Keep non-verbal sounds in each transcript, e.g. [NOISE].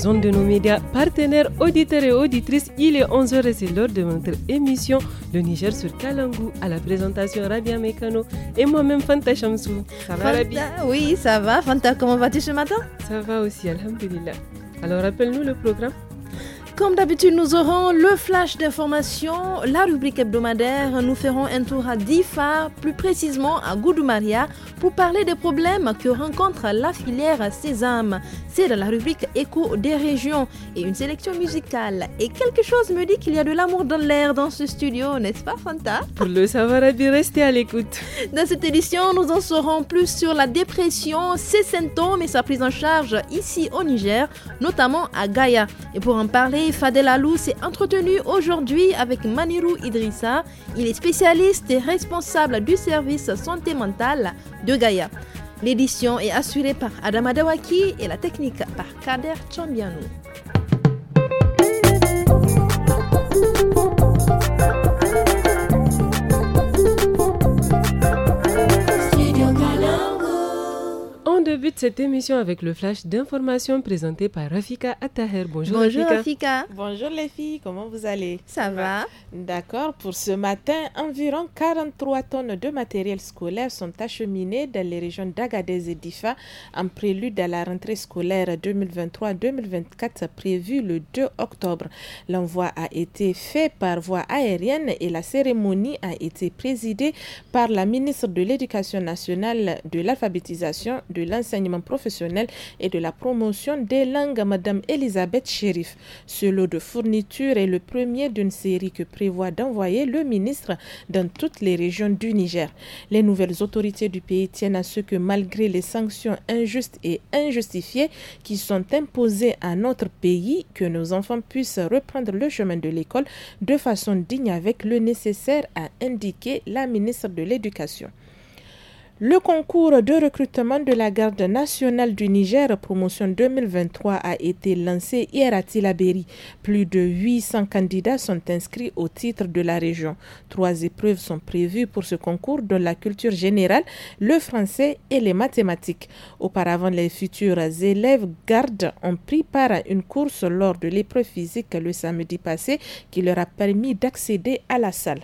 Zone de nos médias partenaires, auditeurs et auditrices. Il est 11h et c'est l'heure de notre émission Le Niger sur Kalangou à la présentation Rabia Mekano et moi-même Fanta Shamsou Ça va Fanta, Oui, ça va. Fanta, comment vas-tu ce matin Ça va aussi, Alhamdulillah. Alors rappelle-nous le programme. Comme d'habitude, nous aurons le flash d'information, la rubrique hebdomadaire. Nous ferons un tour à Difa, plus précisément à Goudoumaria, pour parler des problèmes que rencontre la filière Sésame. C'est dans la rubrique Écho des régions et une sélection musicale. Et quelque chose me dit qu'il y a de l'amour dans l'air dans ce studio, n'est-ce pas, Fanta Pour le savoir, rester à l'écoute. Dans cette édition, nous en saurons plus sur la dépression, ses symptômes et sa prise en charge ici au Niger, notamment à Gaïa. Et pour en parler, Fadel Fadela s'est entretenu aujourd'hui avec Maniru Idrissa. Il est spécialiste et responsable du service santé mentale de Gaïa. L'édition est assurée par Adama Dawaki et la technique par Kader Chambiano. de cette émission avec le flash d'information présenté par Rafika Attaher. Bonjour, Bonjour Rafika. Bonjour les filles, comment vous allez Ça va. D'accord, pour ce matin, environ 43 tonnes de matériel scolaire sont acheminées dans les régions d'Agadez et d'Ifa en prélude à la rentrée scolaire 2023-2024 prévue le 2 octobre. L'envoi a été fait par voie aérienne et la cérémonie a été présidée par la ministre de l'Éducation nationale, de l'alphabétisation, de l'enseignement enseignement professionnel et de la promotion des langues, à Madame Elisabeth Chérif. Ce lot de fournitures est le premier d'une série que prévoit d'envoyer le ministre dans toutes les régions du Niger. Les nouvelles autorités du pays tiennent à ce que, malgré les sanctions injustes et injustifiées qui sont imposées à notre pays, que nos enfants puissent reprendre le chemin de l'école de façon digne avec le nécessaire, a indiqué la ministre de l'Éducation. Le concours de recrutement de la garde nationale du Niger promotion 2023 a été lancé hier à Tilaberi. Plus de 800 candidats sont inscrits au titre de la région. Trois épreuves sont prévues pour ce concours dont la culture générale, le français et les mathématiques. Auparavant, les futurs élèves gardes ont pris part à une course lors de l'épreuve physique le samedi passé qui leur a permis d'accéder à la salle.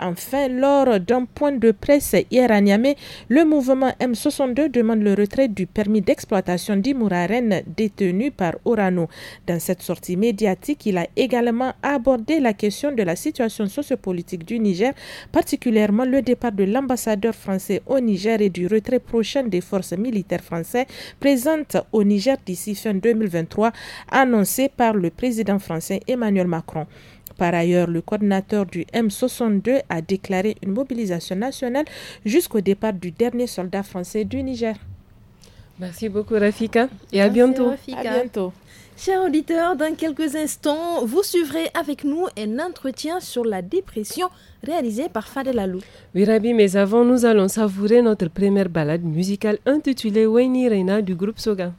Enfin, lors d'un point de presse hier à Niamey, le mouvement M62 demande le retrait du permis d'exploitation d'Imouraren détenu par Orano. Dans cette sortie médiatique, il a également abordé la question de la situation sociopolitique du Niger, particulièrement le départ de l'ambassadeur français au Niger et du retrait prochain des forces militaires françaises présentes au Niger d'ici fin 2023, annoncé par le président français Emmanuel Macron. Par ailleurs, le coordinateur du M62 a déclaré une mobilisation nationale jusqu'au départ du dernier soldat français du Niger. Merci beaucoup Rafika et à bientôt. À bientôt. Chers auditeurs, dans quelques instants, vous suivrez avec nous un entretien sur la dépression réalisé par Fadel Alou. Oui Rabi, mais avant nous allons savourer notre première balade musicale intitulée Waini Reina du groupe Soga.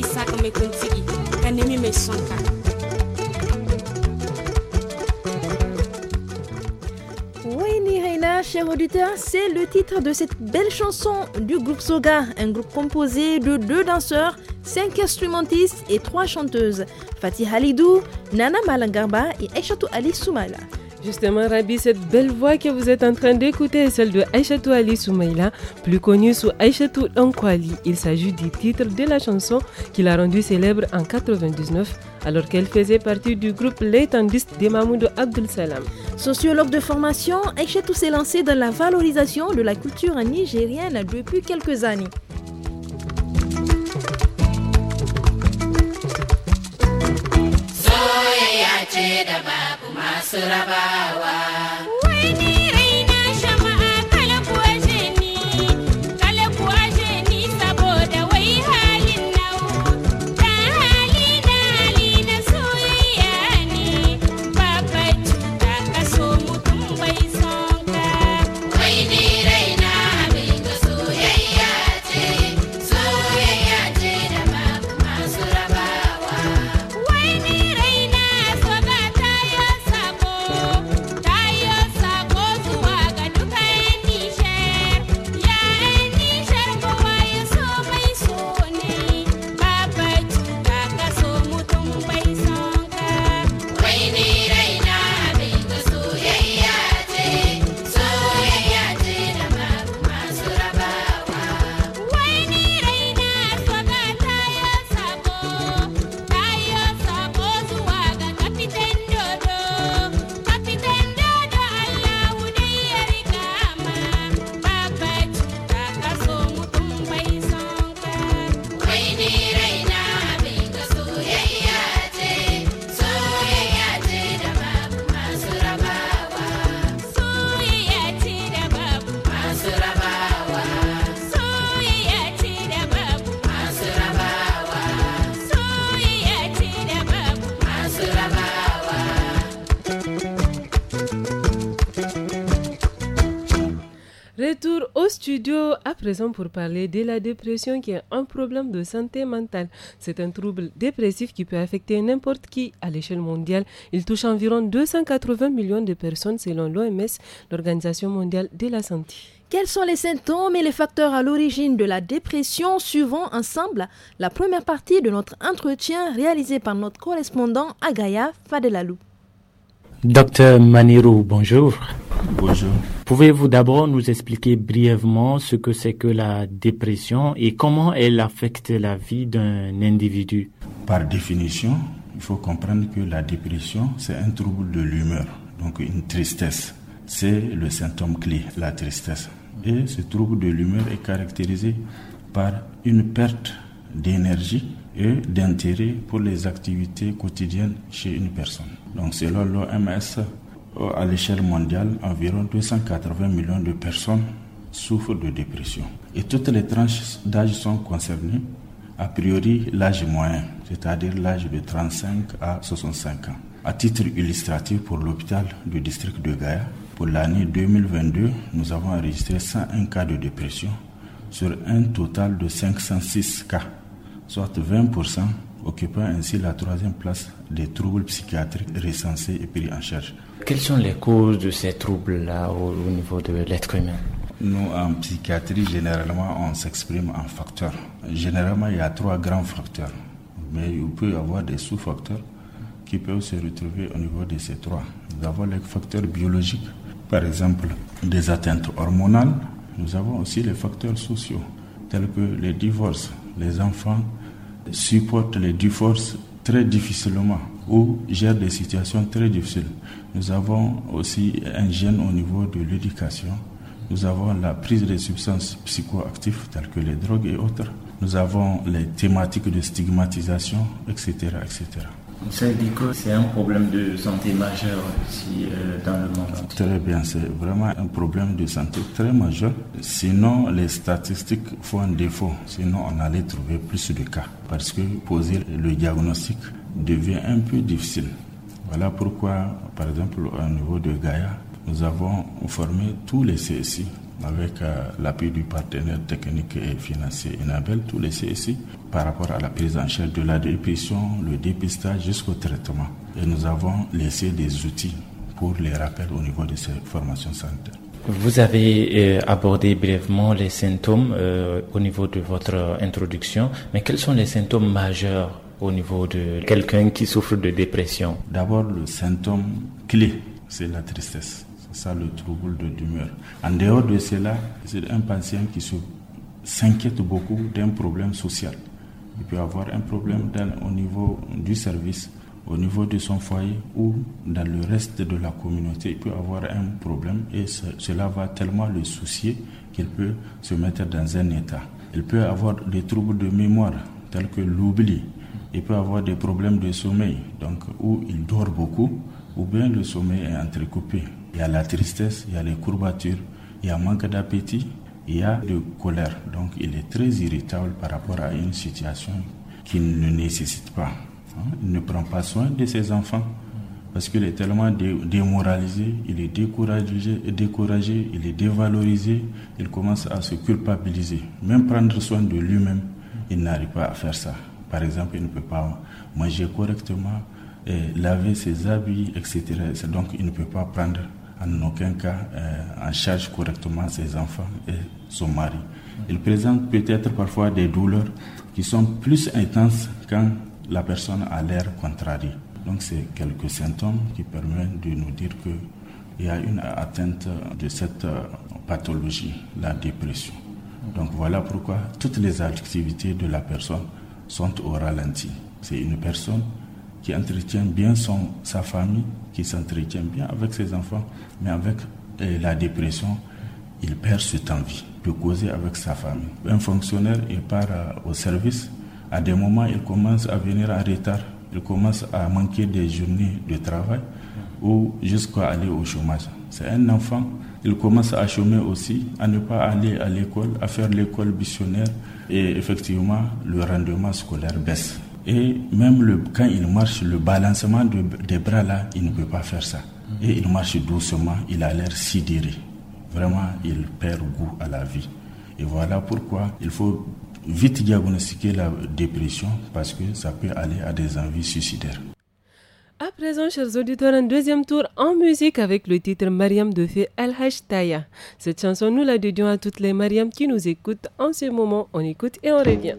Oui, chers auditeurs, c'est le titre de cette belle chanson du groupe Soga, un groupe composé de deux danseurs, cinq instrumentistes et trois chanteuses, Fatih Halidou, Nana Malangarba et Aishatou Ali Soumala. Justement, Rabi, cette belle voix que vous êtes en train d'écouter est celle de Aïchatou Ali Soumaïla, plus connue sous Aïchatou Nkwali. Il s'agit du titre de la chanson qui l'a rendue célèbre en 1999 alors qu'elle faisait partie du groupe l'étendiste de Mamoudou Abdul Salam. Sociologue de formation, Aïchatou s'est lancé dans la valorisation de la culture nigérienne depuis quelques années. soyayya ce da babu masu rabawa. Wai à présent pour parler de la dépression qui est un problème de santé mentale. C'est un trouble dépressif qui peut affecter n'importe qui à l'échelle mondiale. Il touche environ 280 millions de personnes selon l'OMS, l'Organisation mondiale de la santé. Quels sont les symptômes et les facteurs à l'origine de la dépression Suivons ensemble la première partie de notre entretien réalisé par notre correspondant Agaya Fadelalou. Docteur Manirou, bonjour. Bonjour. Pouvez-vous d'abord nous expliquer brièvement ce que c'est que la dépression et comment elle affecte la vie d'un individu Par définition, il faut comprendre que la dépression, c'est un trouble de l'humeur, donc une tristesse. C'est le symptôme clé, la tristesse. Et ce trouble de l'humeur est caractérisé par une perte d'énergie et d'intérêt pour les activités quotidiennes chez une personne. Donc selon l'OMS, euh, à l'échelle mondiale, environ 280 millions de personnes souffrent de dépression. Et toutes les tranches d'âge sont concernées, a priori l'âge moyen, c'est-à-dire l'âge de 35 à 65 ans. À titre illustratif pour l'hôpital du district de Gaïa, pour l'année 2022, nous avons enregistré 101 cas de dépression sur un total de 506 cas, soit 20% occupant ainsi la troisième place des troubles psychiatriques recensés et pris en charge. Quelles sont les causes de ces troubles-là au, niveau de l'être humain nous, en psychiatrie, généralement, on s'exprime en facteurs. Généralement, il y a trois grands facteurs, mais il peut y avoir des sous-facteurs qui peuvent se retrouver au niveau de ces trois. Nous avons les facteurs biologiques, par exemple des atteintes hormonales. Nous avons aussi les facteurs sociaux, tels que les divorces, les enfants supportent les forces très difficilement ou gèrent des situations très difficiles. Nous avons aussi un gène au niveau de l'éducation. Nous avons la prise des substances psychoactives telles que les drogues et autres. Nous avons les thématiques de stigmatisation, etc. etc. Vous savez que c'est un problème de santé majeur euh, dans le monde. Très bien, c'est vraiment un problème de santé très majeur. Sinon, les statistiques font un défaut. Sinon, on allait trouver plus de cas. Parce que poser le diagnostic devient un peu difficile. Voilà pourquoi, par exemple, au niveau de Gaïa, nous avons formé tous les CSI avec euh, l'appui du partenaire technique et financier Inabel, tous les CSI, par rapport à la prise en charge de la dépression, le dépistage jusqu'au traitement. Et nous avons laissé des outils pour les rappels au niveau de ces formations santé Vous avez euh, abordé brièvement les symptômes euh, au niveau de votre introduction, mais quels sont les symptômes majeurs au niveau de quelqu'un qui souffre de dépression D'abord, le symptôme clé, c'est la tristesse. C'est ça le trouble de l'humeur. En dehors de cela, c'est un patient qui s'inquiète beaucoup d'un problème social il peut avoir un problème au niveau du service, au niveau de son foyer ou dans le reste de la communauté, il peut avoir un problème et cela va tellement le soucier qu'il peut se mettre dans un état. Il peut avoir des troubles de mémoire tels que l'oubli, il peut avoir des problèmes de sommeil, donc où il dort beaucoup ou bien le sommeil est entrecoupé. Il y a la tristesse, il y a les courbatures, il y a manque d'appétit, il y a de colère. Donc il est très irritable par rapport à une situation qu'il ne nécessite pas. Hein. Il ne prend pas soin de ses enfants parce qu'il est tellement démoralisé, il est découragé, découragé, il est dévalorisé, il commence à se culpabiliser. Même prendre soin de lui-même, il n'arrive pas à faire ça. Par exemple, il ne peut pas manger correctement, et laver ses habits, etc. Donc il ne peut pas prendre en aucun cas euh, en charge correctement ses enfants et son mari. Il présente peut-être parfois des douleurs qui sont plus intenses quand la personne a l'air contrariée. Donc c'est quelques symptômes qui permettent de nous dire qu'il y a une atteinte de cette euh, pathologie, la dépression. Donc voilà pourquoi toutes les activités de la personne sont au ralenti. C'est une personne qui entretient bien son, sa famille, qui s'entretient bien avec ses enfants, mais avec euh, la dépression, il perd cette envie de causer avec sa famille. Un fonctionnaire, il part euh, au service. À des moments, il commence à venir en retard. Il commence à manquer des journées de travail ou jusqu'à aller au chômage. C'est un enfant. Il commence à chômer aussi, à ne pas aller à l'école, à faire l'école missionnaire. Et effectivement, le rendement scolaire baisse. Et même le, quand il marche, le balancement des bras là, il ne peut pas faire ça. Et il marche doucement, il a l'air sidéré. Vraiment, il perd goût à la vie. Et voilà pourquoi il faut vite diagnostiquer la dépression parce que ça peut aller à des envies suicidaires. À présent, chers auditeurs, un deuxième tour en musique avec le titre Mariam de Fé El Hashtaya. Cette chanson, nous la dédions à toutes les Mariam qui nous écoutent en ce moment. On écoute et on revient.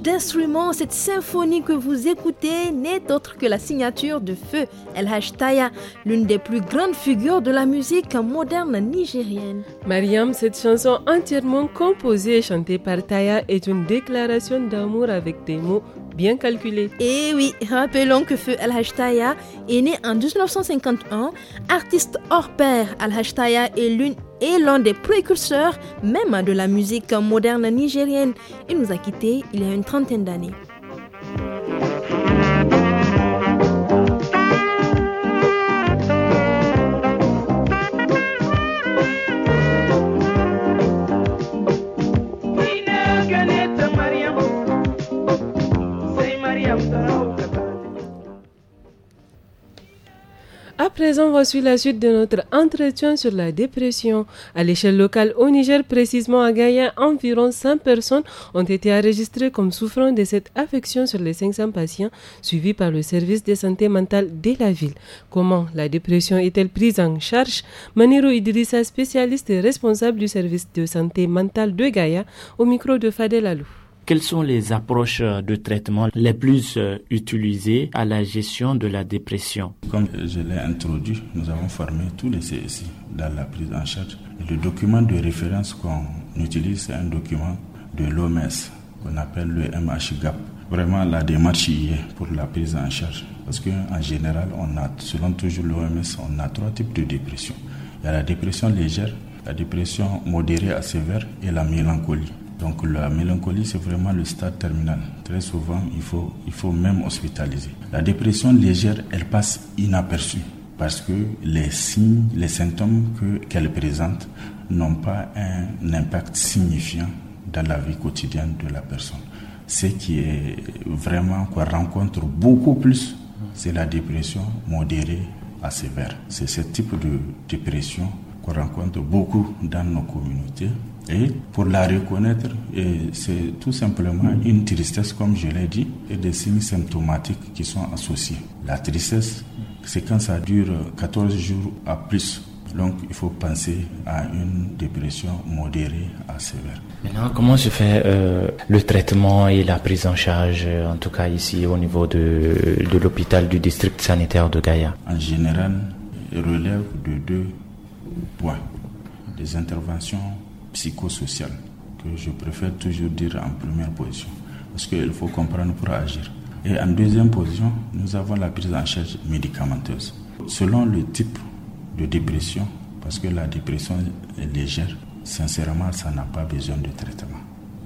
d'instruments, cette symphonie que vous écoutez n'est autre que la signature de feu El Taya l'une des plus grandes figures de la musique moderne nigérienne. Mariam, cette chanson entièrement composée et chantée par Taya est une déclaration d'amour avec des mots bien calculé. Et eh oui, rappelons que Feu al hashtaya est né en 1951. Artiste hors pair, al hashtaya est l'une et l'un des précurseurs même de la musique moderne nigérienne. Il nous a quittés il y a une trentaine d'années. présent, voici la suite de notre entretien sur la dépression. À l'échelle locale au Niger, précisément à Gaïa, environ 100 personnes ont été enregistrées comme souffrant de cette affection sur les 500 patients suivis par le service de santé mentale de la ville. Comment la dépression est-elle prise en charge Maniro Idrissa, spécialiste et responsable du service de santé mentale de Gaïa, au micro de Fadel Alou. Quelles sont les approches euh, de traitement les plus euh, utilisées à la gestion de la dépression Comme euh, je l'ai introduit, nous avons formé tous les CSI dans la prise en charge. Le document de référence qu'on utilise, c'est un document de l'OMS qu'on appelle le MHGAP. Vraiment, la démarche y pour la prise en charge. Parce qu'en général, on a, selon toujours l'OMS, on a trois types de dépression. Il y a la dépression légère, la dépression modérée à sévère et la mélancolie. Donc la mélancolie, c'est vraiment le stade terminal. Très souvent, il faut, il faut même hospitaliser. La dépression légère, elle passe inaperçue parce que les signes, les symptômes qu'elle présente n'ont pas un impact signifiant dans la vie quotidienne de la personne. Ce qui est vraiment qu'on rencontre beaucoup plus, c'est la dépression modérée à sévère. C'est ce type de dépression qu'on rencontre beaucoup dans nos communautés et pour la reconnaître, c'est tout simplement une tristesse, comme je l'ai dit, et des signes symptomatiques qui sont associés. La tristesse, c'est quand ça dure 14 jours à plus. Donc il faut penser à une dépression modérée à sévère. Maintenant, comment se fait euh, le traitement et la prise en charge, euh, en tout cas ici au niveau de, de l'hôpital du district sanitaire de Gaïa En général, il relève de deux points. Des interventions psychosocial, que je préfère toujours dire en première position, parce qu'il faut comprendre pour agir. Et en deuxième position, nous avons la prise en charge médicamenteuse. Selon le type de dépression, parce que la dépression est légère, sincèrement, ça n'a pas besoin de traitement.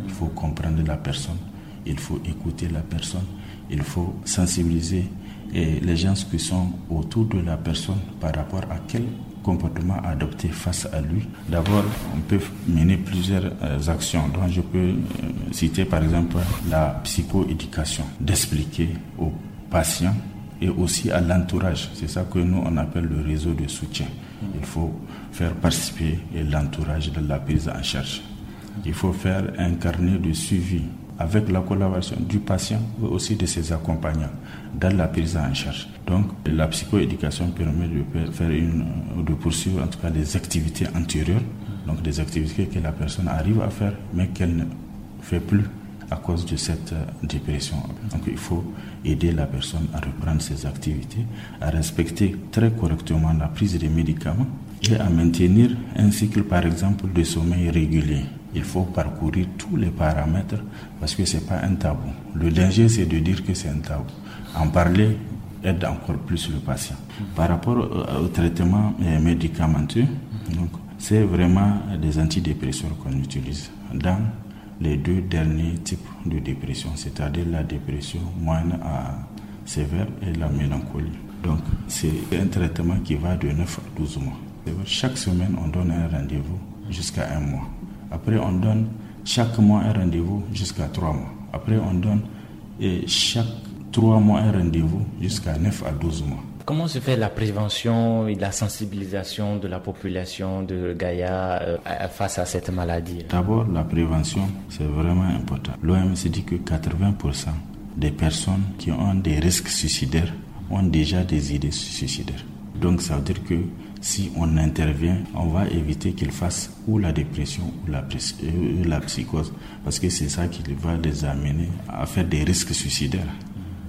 Il faut comprendre la personne, il faut écouter la personne, il faut sensibiliser les gens qui sont autour de la personne par rapport à quelle comportement à adopter face à lui. D'abord, on peut mener plusieurs euh, actions dont je peux euh, citer par exemple la psychoéducation, d'expliquer aux patients et aussi à l'entourage. C'est ça que nous on appelle le réseau de soutien. Il faut faire participer l'entourage de la prise en charge. Il faut faire un carnet de suivi avec la collaboration du patient mais aussi de ses accompagnants dans la prise en charge. Donc la psychoéducation permet de faire de poursuivre en tout cas des activités antérieures, donc des activités que la personne arrive à faire mais qu'elle ne fait plus à cause de cette euh, dépression. Donc il faut aider la personne à reprendre ses activités, à respecter très correctement la prise des médicaments et à maintenir un cycle par exemple de sommeil régulier il faut parcourir tous les paramètres parce que ce n'est pas un tabou. Le danger, c'est de dire que c'est un tabou. En parler aide encore plus le patient. Par rapport au, traitement euh, médicamenteux, donc, c'est vraiment des antidépresseurs qu'on utilise dans les deux derniers types de dépression, c'est-à-dire la dépression moine à sévère et la mélancolie. Donc, c'est un traitement qui va de 9 à 12 mois. Chaque semaine, on donne un rendez-vous jusqu'à un mois. Après, on donne chaque mois un rendez-vous jusqu'à trois mois. Après, on donne et chaque trois mois un rendez-vous jusqu'à 9 à 12 mois. Comment se fait la prévention et la sensibilisation de la population de Gaïa euh, face à cette maladie D'abord, la prévention, c'est vraiment important. L'OMS dit que 80% des personnes qui ont des risques suicidaires ont déjà des idées suicidaires. Donc, ça veut dire que si on intervient, on va éviter qu'ils fassent ou la dépression ou la, euh, la psychose, parce que c'est ça qui va les amener à faire des risques suicidaires.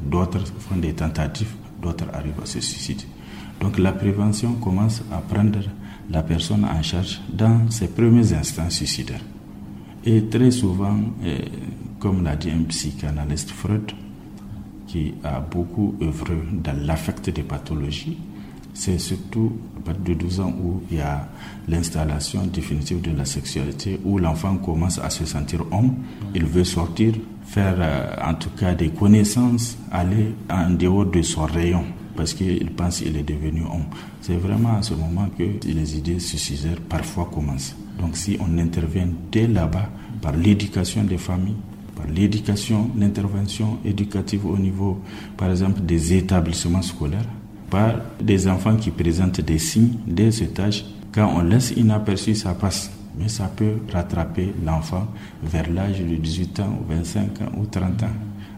D'autres font des tentatives, d'autres arrivent à se suicider. Donc la prévention commence à prendre la personne en charge dans ses premiers instants suicidaires. Et très souvent, euh, comme l'a dit un psychanalyste Freud, qui a beaucoup œuvré dans l'affect des pathologies, c'est surtout à partir de 12 ans où il y a l'installation définitive de la sexualité, où l'enfant commence à se sentir homme, il veut sortir, faire euh, en tout cas des connaissances, aller en dehors de son rayon parce qu'il pense qu'il est devenu homme. C'est vraiment à ce moment que les idées suicidaires parfois commencent. Donc si on intervient dès là-bas par l'éducation des familles, par l'éducation, l'intervention éducative au niveau, par exemple, des établissements scolaires, des enfants qui présentent des signes dès cet âge. Quand on laisse inaperçu, ça passe. Mais ça peut rattraper l'enfant vers l'âge de 18 ans, ou 25 ans ou 30 ans.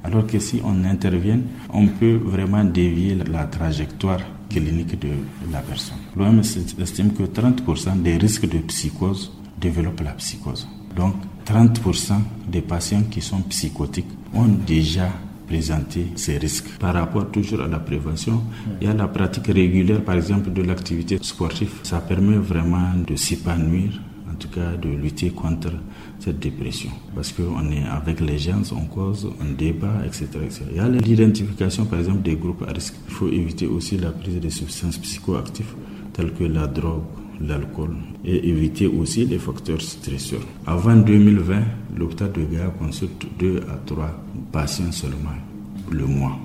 Alors que si on intervient, on peut vraiment dévier la trajectoire clinique de la personne. L'OMS estime que 30% des risques de psychose développent la psychose. Donc 30% des patients qui sont psychotiques ont déjà présenter ces risques. Par rapport toujours à la prévention, il y a la pratique régulière, par exemple, de l'activité sportive. Ça permet vraiment de s'épanouir, en tout cas de lutter contre cette dépression. Parce qu'on est avec les gens, on cause, on débat, etc. etc. Il y a l'identification, par exemple, des groupes à risque. Il faut éviter aussi la prise de substances psychoactives telles que la drogue, l'alcool et éviter aussi les facteurs stressants. Avant 2020, l'hôpital de Gaïa consulte 2 à 3 patients seulement le mois.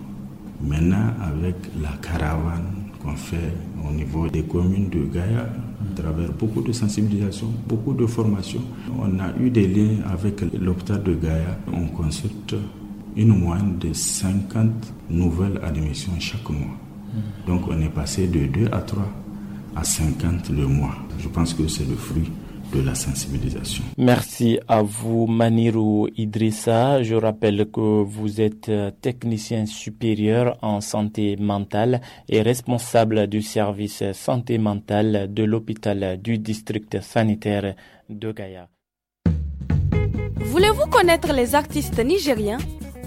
Maintenant, avec la caravane qu'on fait au niveau des communes de Gaïa, à travers beaucoup de sensibilisation, beaucoup de formation, on a eu des liens avec l'hôpital de Gaïa. On consulte une moyenne de 50 nouvelles admissions chaque mois. Donc on est passé de 2 à 3 à 50 le mois. Je pense que c'est le fruit de la sensibilisation. Merci à vous, Maniru Idrissa. Je rappelle que vous êtes technicien supérieur en santé mentale et responsable du service santé mentale de l'hôpital du district sanitaire de Gaïa. Voulez-vous connaître les artistes nigériens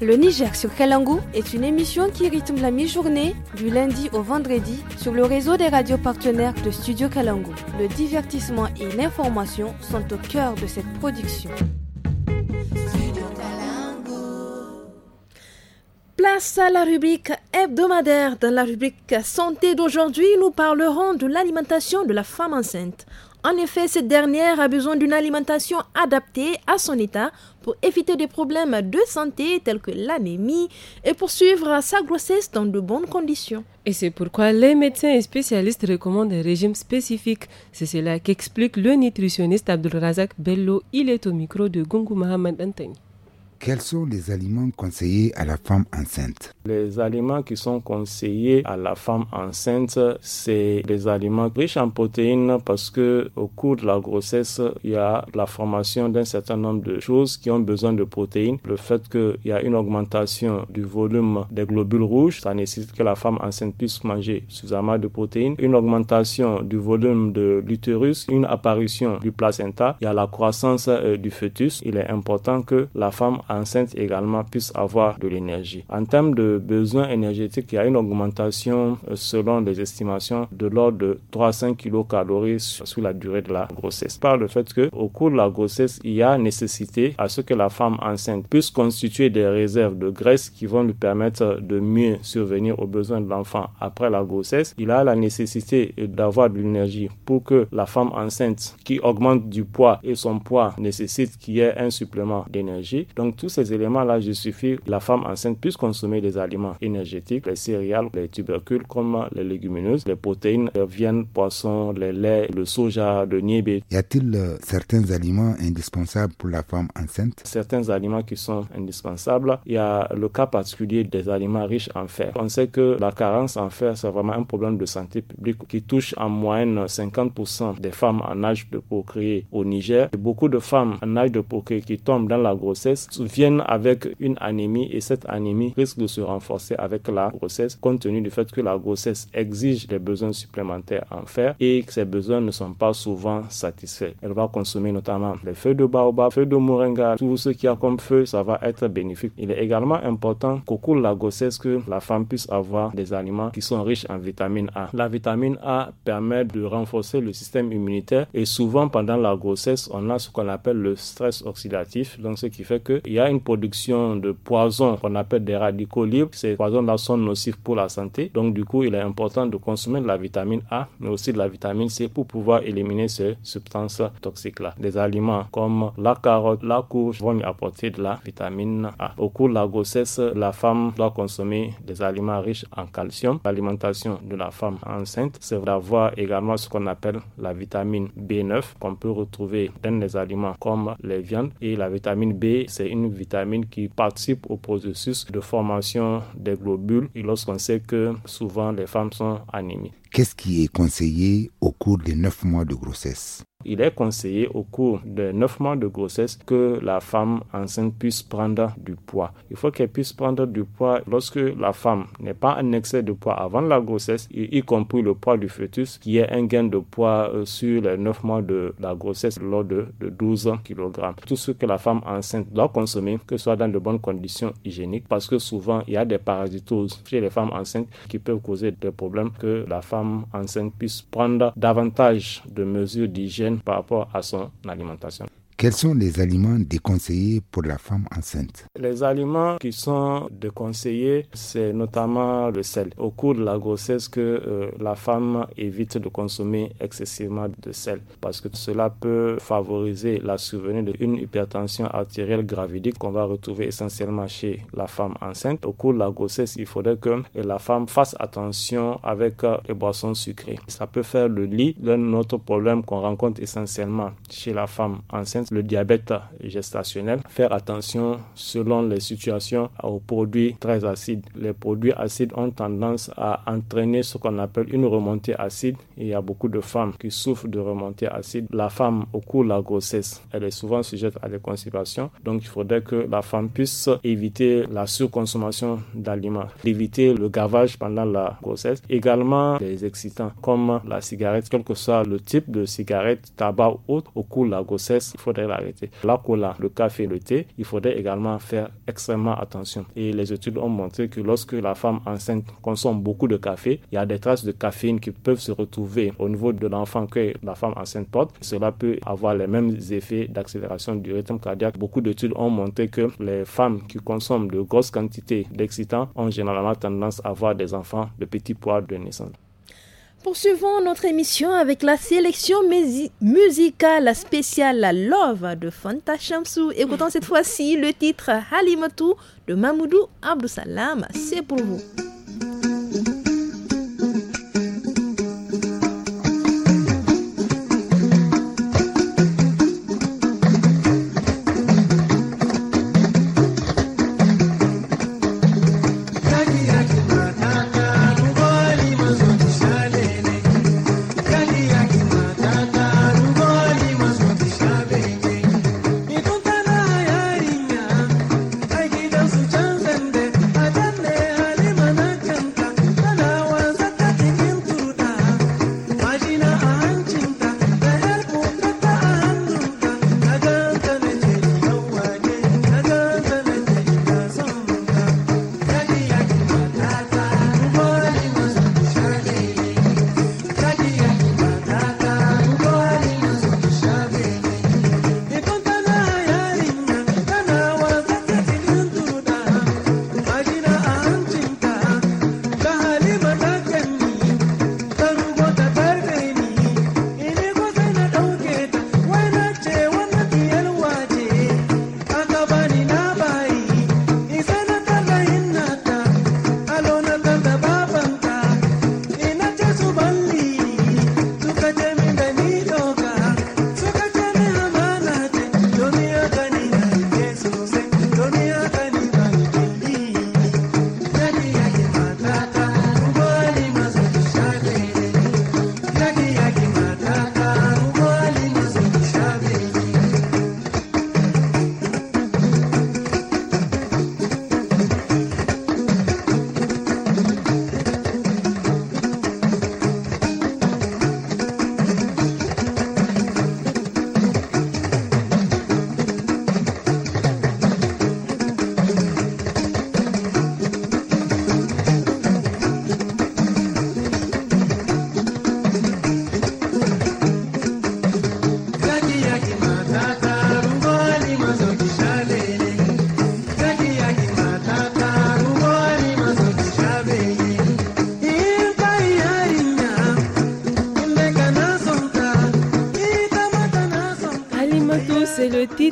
Le Niger sur Kalangu est une émission qui rythme la mi-journée du lundi au vendredi sur le réseau des radios partenaires de Studio Kalangu. Le divertissement et l'information sont au cœur de cette production. Place à la rubrique hebdomadaire. Dans la rubrique santé d'aujourd'hui, nous parlerons de l'alimentation de la femme enceinte. En effet, cette dernière a besoin d'une alimentation adaptée à son état pour éviter des problèmes de santé tels que l'anémie et poursuivre sa grossesse dans de bonnes conditions. Et c'est pourquoi les médecins et spécialistes recommandent un régime spécifique. C'est cela qu'explique le nutritionniste Razak Bello. Il est au micro de Gungu Mohamed Antani. Quels sont les aliments conseillés à la femme enceinte Les aliments qui sont conseillés à la femme enceinte, c'est des aliments riches en protéines parce que au cours de la grossesse, il y a la formation d'un certain nombre de choses qui ont besoin de protéines. Le fait qu'il y a une augmentation du volume des globules rouges, ça nécessite que la femme enceinte puisse manger suffisamment de protéines. Une augmentation du volume de l'utérus, une apparition du placenta, il y a la croissance euh, du fœtus. Il est important que la femme enceinte également puisse avoir de l'énergie. En termes de besoins énergétiques, il y a une augmentation euh, selon les estimations de l'ordre de 300 kcal sur la durée de la grossesse. Par le fait que au cours de la grossesse, il y a nécessité à ce que la femme enceinte puisse constituer des réserves de graisse qui vont lui permettre de mieux survenir aux besoins de l'enfant après la grossesse. Il a la nécessité d'avoir de l'énergie pour que la femme enceinte qui augmente du poids et son poids nécessite qu'il y ait un supplément d'énergie. Donc tous ces éléments-là que la femme enceinte puisse consommer des aliments énergétiques, les céréales, les tubercules comme les légumineuses, les protéines, les viandes, poissons, les lait, le soja, le niébé. Y a-t-il euh, certains aliments indispensables pour la femme enceinte Certains aliments qui sont indispensables. Il y a le cas particulier des aliments riches en fer. On sait que la carence en fer, c'est vraiment un problème de santé publique qui touche en moyenne 50% des femmes en âge de procréer au Niger. Et beaucoup de femmes en âge de procréer qui tombent dans la grossesse viennent avec une anémie et cette anémie risque de se renforcer avec la grossesse compte tenu du fait que la grossesse exige des besoins supplémentaires en fer et que ces besoins ne sont pas souvent satisfaits. Elle va consommer notamment les feuilles de baobab, feuilles de moringa, tout ce qu'il y a comme feu, ça va être bénéfique. Il est également important qu'au cours de la grossesse que la femme puisse avoir des aliments qui sont riches en vitamine A. La vitamine A permet de renforcer le système immunitaire et souvent pendant la grossesse, on a ce qu'on appelle le stress oxydatif, donc ce qui fait qu'il y a une production de poisons qu'on appelle des radicaux libres. Ces poisons-là sont nocifs pour la santé. Donc, du coup, il est important de consommer de la vitamine A, mais aussi de la vitamine C pour pouvoir éliminer ces substances toxiques-là. Des aliments comme la carotte, la courge vont apporter de la vitamine A. Au cours de la grossesse, la femme doit consommer des aliments riches en calcium. L'alimentation de la femme enceinte, c'est d'avoir également ce qu'on appelle la vitamine B9 qu'on peut retrouver dans les aliments comme les viandes. Et la vitamine B, c'est une vitamine vitamines qui participent au processus de formation des globules et lorsqu'on sait que souvent les femmes sont anémies. Qu'est-ce qui est conseillé au cours des neuf mois de grossesse il est conseillé au cours de 9 mois de grossesse que la femme enceinte puisse prendre du poids. Il faut qu'elle puisse prendre du poids lorsque la femme n'est pas en excès de poids avant la grossesse, y compris le poids du fœtus, qui est un gain de poids euh, sur les 9 mois de la grossesse lors de, de 12 kg. Tout ce que la femme enceinte doit consommer, que ce soit dans de bonnes conditions hygiéniques, parce que souvent il y a des parasitoses chez les femmes enceintes qui peuvent causer des problèmes que la femme enceinte puisse prendre davantage de mesures d'hygiène par rapport à son alimentation. Quels sont les aliments déconseillés pour la femme enceinte Les aliments qui sont déconseillés, c'est notamment le sel. Au cours de la grossesse, que euh, la femme évite de consommer excessivement de sel parce que cela peut favoriser la survenue d'une hypertension artérielle gravidique qu'on va retrouver essentiellement chez la femme enceinte. Au cours de la grossesse, il faudrait que euh, la femme fasse attention avec euh, les boissons sucrées. Ça peut faire le lit d'un autre problème qu'on rencontre essentiellement chez la femme enceinte le diabète gestationnel, faire attention selon les situations aux produits très acides. Les produits acides ont tendance à entraîner ce qu'on appelle une remontée acide. il y a beaucoup de femmes qui souffrent de remontée acide. La femme, au cours de la grossesse, elle est souvent sujette à des constipations. Donc, il faudrait que la femme puisse éviter la surconsommation d'aliments, éviter le gavage pendant la grossesse. Également, les excitants comme la cigarette, quel que soit le type de cigarette, tabac ou autre, au cours de la grossesse, il faudrait l'arrêter. La cola, le café, le thé, il faudrait également faire extrêmement attention. Et les études ont montré que lorsque la femme enceinte consomme beaucoup de café, il y a des traces de caféine qui peuvent se retrouver au niveau de l'enfant que la femme enceinte porte. Cela peut avoir les mêmes effets d'accélération du rythme cardiaque. Beaucoup d'études ont montré que les femmes qui consomment de grosses quantités d'excitants ont généralement tendance à avoir des enfants de petits poids de naissance. Poursuivons notre émission avec la sélection musicale spéciale La Love de Fanta Shamsou. Écoutons cette fois-ci le titre "Halimatu" de Mamoudou Abdou Salam. C'est pour vous.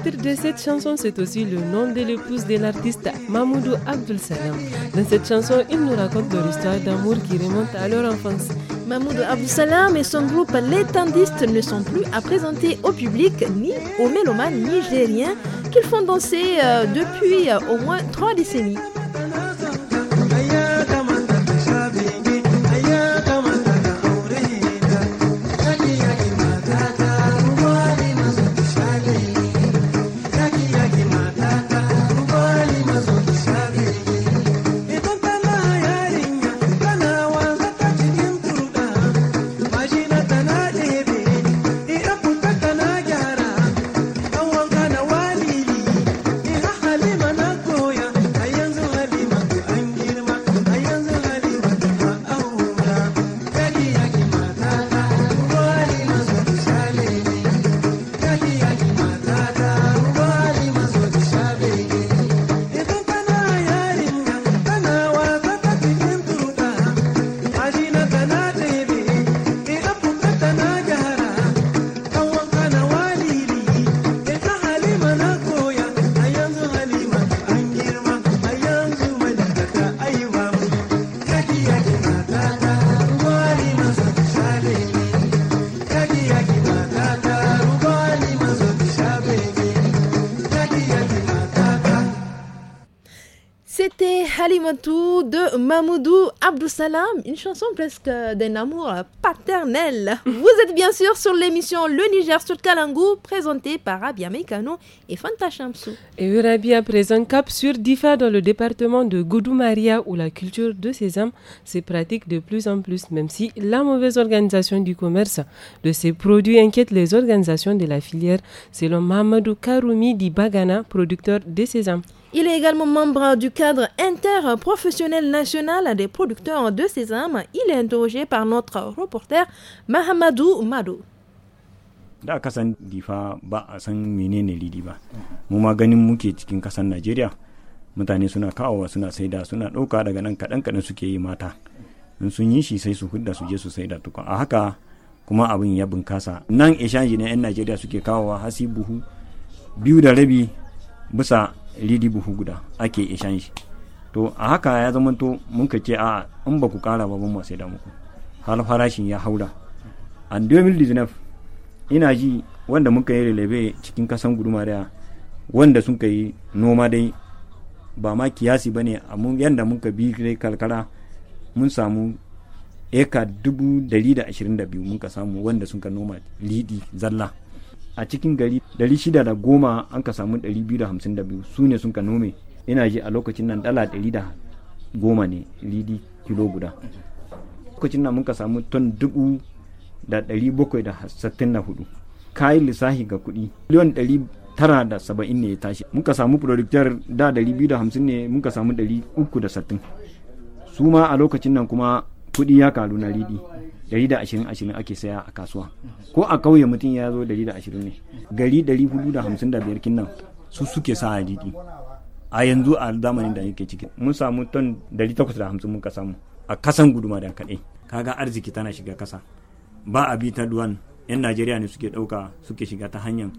titre de cette chanson, c'est aussi le nom de l'épouse de l'artiste Mahmoudou Abdul Salam. Dans cette chanson, il nous raconte leur histoire d'amour qui remonte à leur enfance. Mahmoud Abdul Salam et son groupe Les Tandistes ne sont plus à présenter au public ni aux mélomanes nigériens qu'ils font danser euh, depuis euh, au moins trois décennies. Mamoudou Abdou Salam, une chanson presque d'un amour paternel. Vous êtes bien sûr sur l'émission Le Niger sur Kalangou, présentée par Rabia Mekano et Fanta Chamsou. Et Rabia présente cap sur Difa dans le département de Goudou-Maria où la culture de sésame se pratique de plus en plus, même si la mauvaise organisation du commerce de ces produits inquiète les organisations de la filière, selon Mamadou Karoumi Bagana, producteur de sésame. Il est également membre du cadre interprofessionnel national des producteurs de sésame. Il est interrogé par notre reporter Mahamadou Madou. da kasan difa ba a san menene lidi ba mu ma ganin muke cikin kasan Nigeria. mutane suna kawowa suna saida suna ɗauka daga nan kaɗan kaɗan suke yi mata in sun yi shi sai su hudda su saida a haka kuma abin ya bunkasa nan ishanji ne Nigeria suke kawowa hasi buhu biyu da rabi ridi buhu guda ake ishan shi to a haka ya zama to mun ka ce a in ba ku kara ba mun sai da muku har farashin ya haura a 2019 ina ji wanda muka yi relebe cikin kasan da wanda sun ka yi noma dai ba ma kiyasi ba ne a yadda ka bi karkara mun samu eka 122 mun ka samu wanda sun ka noma lidi zalla a cikin gari 610 an ka samu 252 su ne sun ka nome ina ji a lokacin nan dala 110 ne lidi kilo guda lokacin nan mun ka samu ton 764 kayan lissafi ga kuɗi miliyan 970 ne ya tashi Mun ka samu producteur da 250 ne mun ka samu 360 su ma a lokacin nan kuma kuɗi ya karu na lidi dari da ashirin ashirin ake saya a kasuwa ko a kauye mutum ya zo dari da ashirin ne gari dari hudu da hamsin da biyar kinnan su suke sa a didi a yanzu a zamanin da yake ciki mun samu ton dari takwas da hamsin muka samu a kasan guduma da kaɗai kaga arziki tana shiga kasa ba a bi ta duwan yan najeriya ne suke ɗauka suke shiga ta hanyar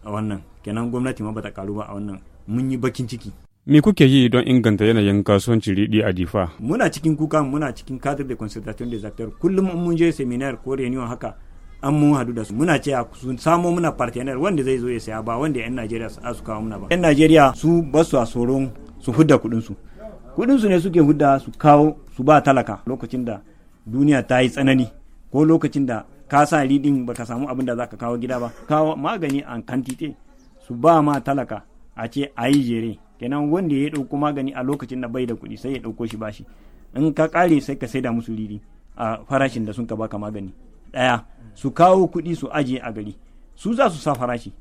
a wannan kenan gwamnati ma bata karu ba a wannan mun yi bakin ciki Me kuke yi don inganta yanayin kasuwanci riɗi a Difa? Muna cikin kuka muna cikin kadar da consultation da acteurs kullum in mun je seminar ko reunion haka an mun hadu da su muna cewa su samo muna partner wanda zai zo ya saya ba wanda yan Najeriya su kawo muna ba. Yan Najeriya su ba su a tsoron su hudda kuɗin su. ne suke hudda su kawo su ba talaka lokacin da duniya ta yi tsanani ko lokacin da ka sa riɗin ka samu abin da za ka kawo gida ba. Kawo magani an kantite su ba ma talaka a ce a yi jere. kenan wanda ya ɗauko magani a lokacin da bai da kuɗi sai ya ɗauko shi bashi in ka kare sai ka saida musu riri a farashin da sun ka baka magani ɗaya su kawo kuɗi su ajiye a gari su za su sa farashi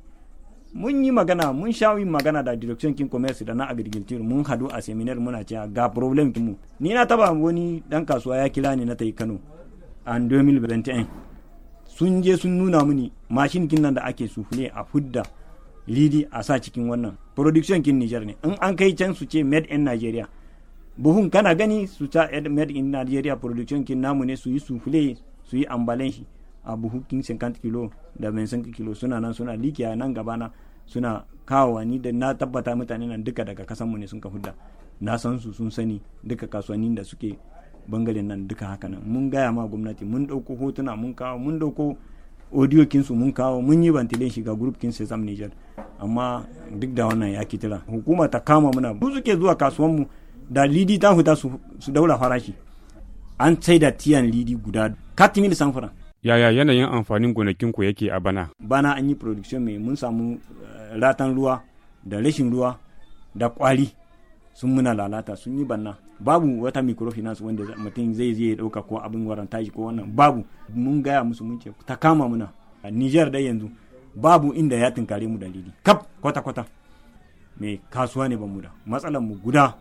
mun yi magana mun sha yin magana da direction king commerce da na agriculture mun hadu a seminar muna cewa ga problem mu ni na taba wani dan kasuwa ya kira ni na tai Kano a 2021 sun je sun nuna mini mashin kin nan da ake sufule a fudda. lidi a sa cikin wannan production kin Niger ne in an kai can su ce made in Nigeria buhun kana gani su ta made in Nigeria production kin namu ne su yi sufule su yi ambalen shi a buhu kin 50 kilo da 25 kilo suna nan suna likiya nan gaba na suna kawowa ni da na tabbata mutane nan duka daga kasan mu ne sun ka hudda na san su sun sani duka kasuwannin da suke bangaren nan duka haka nan mun gaya ma gwamnati mun dauko hotuna mun kawo mun dauko audio kinsu mun kawo mun yi bantilin shi ga group kin Sesam Niger amma duk da wannan ya kitila hukuma ta kama muna mu suke zuwa kasuwan mu da lidi ta huta su, su daula farashi an sai da tiyan lidi guda katimil sanfura yaya yanayin amfanin gonakin ku yake a bana bana an yi production mai mun samu eh, ratan ruwa da rashin ruwa da kwari sun muna lalata sun yi banna babu wata microfinance wanda mutum zai zai ya dauka ko abin shi ko wannan babu mun gaya musu mun ce ta kama muna a Niger dai yanzu babu inda ya tunkare mu dalili kap kwata kwata me kasuwa ne ban mu da matsalar mu guda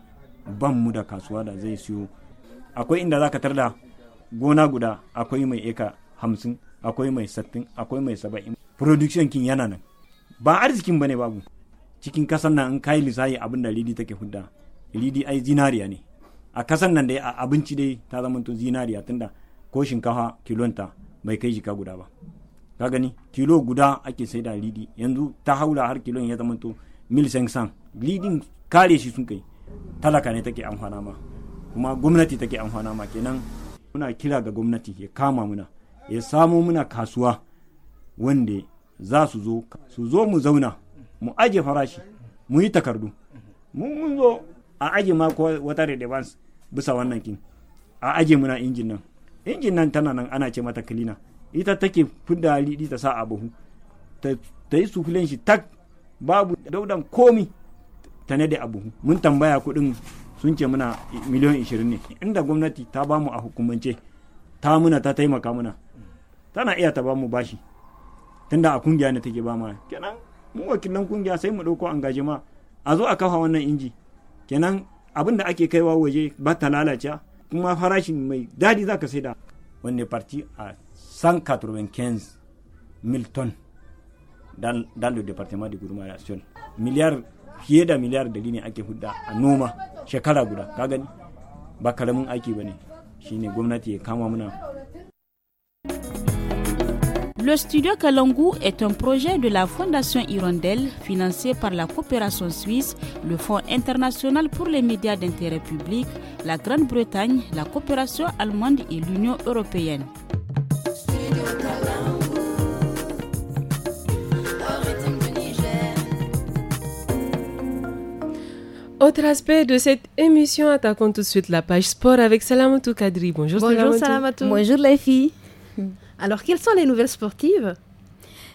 ban mu da kasuwa da zai siyo akwai inda zaka tarda gona guda akwai mai eka hamsin akwai mai sattin akwai mai saba'in production kin yana nan ba arzikin bane babu cikin kasan nan in kai lissafi abin da lidi take hudda lidi ai zinariya ne a kasan nan dai a abinci dai ta zama to zinariya tunda ko shinkafa kilonta bai kai jika guda ba ka gani kilo guda ake sai da lidi yanzu ta haula har kilon ya zama to mil san lidin kare shi sun kai talaka ne take amfana ma kuma gwamnati take amfana ma kenan muna kira ga gwamnati ya kama muna ya samo muna kasuwa wanda za su zo su zo mu zauna mu aje farashi mu yi takardu mun zo a aji ma ko wata redevance bisa wannan kin a aji muna injin nan injin nan tana nan ana ce mata kilina ita take fidda riɗi ta sa a buhu ta yi sufilen shi tak babu daudan komi ta ne da buhu mun tambaya kuɗin sun ce muna miliyan ishirin ne inda gwamnati ta bamu a hukumance ta muna ta taimaka muna tana iya ta bamu bashi tunda a kungiya ne take ba mana kenan mu wakilan kungiya sai mu ɗauko angajima a zo a kafa wannan inji kenan abin da ake kaiwa waje ba ta lalace kuma farashin mai daɗi za ka sai da wanne parti a 195 mil ton dans, dan le département de Gourma Nation miliyar fiye da miliyar dari ne ake hudda a noma shekara guda ka gani ba karamin aiki ba ne shine gwamnati ya kama muna Le studio Kalangu est un projet de la Fondation Hirondelle financé par la coopération suisse, le Fonds international pour les médias d'intérêt public, la Grande-Bretagne, la coopération allemande et l'Union européenne. Autre aspect de cette émission, attaquons tout de suite la page sport avec Salamatou Kadri. Bonjour, Bonjour Salamatou. Bonjour les filles. Alors, quelles sont les nouvelles sportives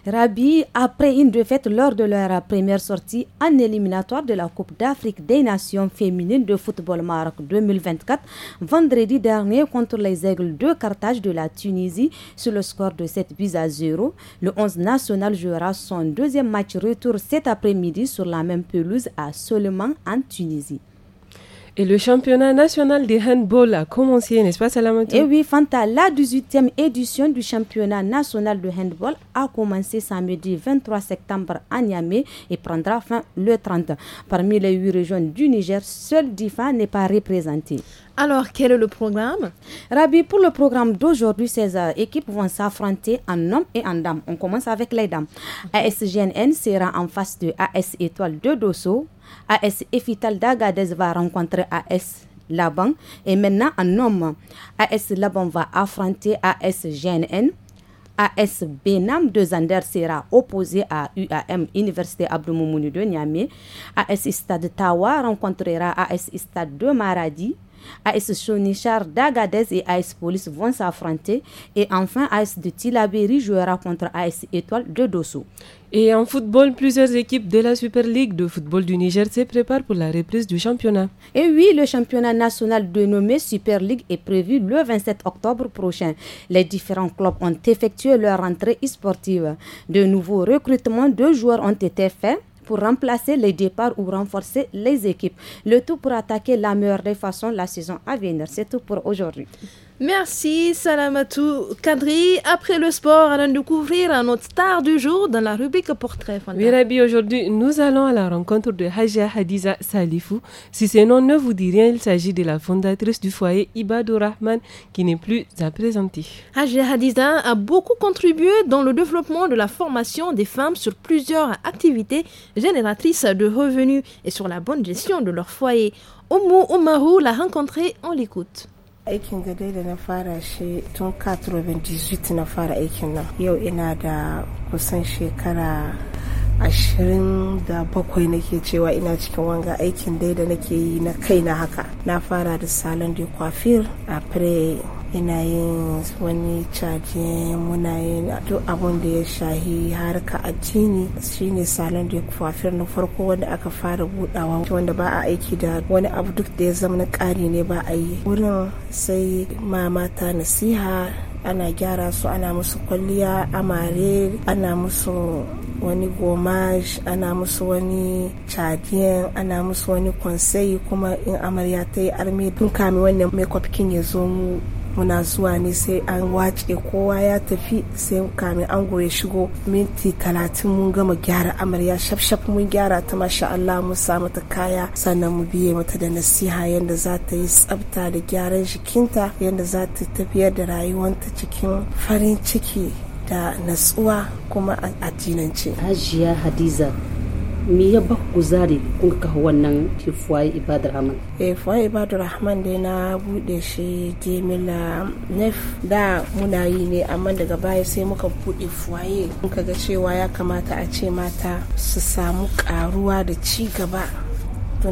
Rabi, après une défaite lors de leur première sortie en éliminatoire de la Coupe d'Afrique des Nations féminines de football Maroc 2024, vendredi dernier contre les Aigles de Carthage de la Tunisie sur le score de 7 à 0, le 11 national jouera son deuxième match retour cet après-midi sur la même pelouse à Solomon en Tunisie. Et le championnat national de handball a commencé, n'est-ce pas Salamatou Eh oui, Fanta, la 18e édition du championnat national de handball a commencé samedi 23 septembre à Niamey et prendra fin le 30. Parmi les huit régions du Niger, seule Difa n'est pas représentée. Alors, quel est le programme Rabi, pour le programme d'aujourd'hui, ces euh, équipes vont s'affronter en hommes et en dames. On commence avec les dames. ASGNN sera en face de AS Étoile de Dosso AS Efital d'Agadez va rencontrer AS Laban et maintenant un homme, AS Laban va affronter AS GNN. AS Benam de Zander sera opposé à UAM Université Abdou de Niamey. AS Stade Tawa rencontrera AS Stade de Maradi AS Chonichard d'Agadez et AS Police vont s'affronter. Et enfin, AS de Tilaberi jouera contre AS Étoile de Dosso. Et en football, plusieurs équipes de la Super League de football du Niger se préparent pour la reprise du championnat. Et oui, le championnat national dénommé Super League est prévu le 27 octobre prochain. Les différents clubs ont effectué leur entrée sportive. De nouveaux recrutements de joueurs ont été faits pour remplacer les départs ou renforcer les équipes. Le tout pour attaquer la meilleure des façons la saison à venir. C'est tout pour aujourd'hui. Merci Salamatou Kadri. Après le sport, allons découvrir autre star du jour dans la rubrique portrait. Oui, aujourd'hui, nous allons à la rencontre de Hajia Hadiza Salifou. Si ce nom ne vous dit rien, il s'agit de la fondatrice du foyer Ibadou Rahman qui n'est plus à présenter. Hajia Hadiza a beaucoup contribué dans le développement de la formation des femmes sur plusieurs activités génératrices de revenus et sur la bonne gestion de leur foyer. Oumou Omaru l'a rencontrée, on l'écoute. aikin dai da na fara shi tun 18 na fara aikin nan yau ina da kusan shekara ashirin da bakwai nake cewa ina cikin wanga aikin dai da nake yi na kai na haka na fara da salon de coiffure a pre yana yin wani caje muna yin duk abun da ya shahi harka addini shine salon da ya kufafir na farko wanda aka fara budawa wanda ba a aiki da wani abu duk da ya zama na kari ne ba a yi wurin sai mama ta nasiha ana gyara su ana musu kwalliya amare ana musu wani gomage ana musu wani chadiyan ana musu wani kwansai kuma in amarya ta yi armi tun kame wannan makeup ya zo mu muna zuwa ne sai an wace kowa ya tafi sai kamin an ya shigo minti talatin mun gama gyara amarya shafshaf mun gyara ta masha Allah mun sa mata kaya sannan mu biye mata da nasiha yadda za ta yi tsabta da gyaran jikinta yadda za ta tafiyar da rayuwanta cikin farin ciki da natsuwa kuma a jinance. Hajiya Hadiza me ya ba ku kuzari kun ka wannan fuwaye ibadar rahman eh fuwaye ibadar rahman dai na bude shi jimila nef da muna yi ne amma daga baya sai muka bude fuwaye ka ga cewa ya kamata a ce mata su samu karuwa da ci gaba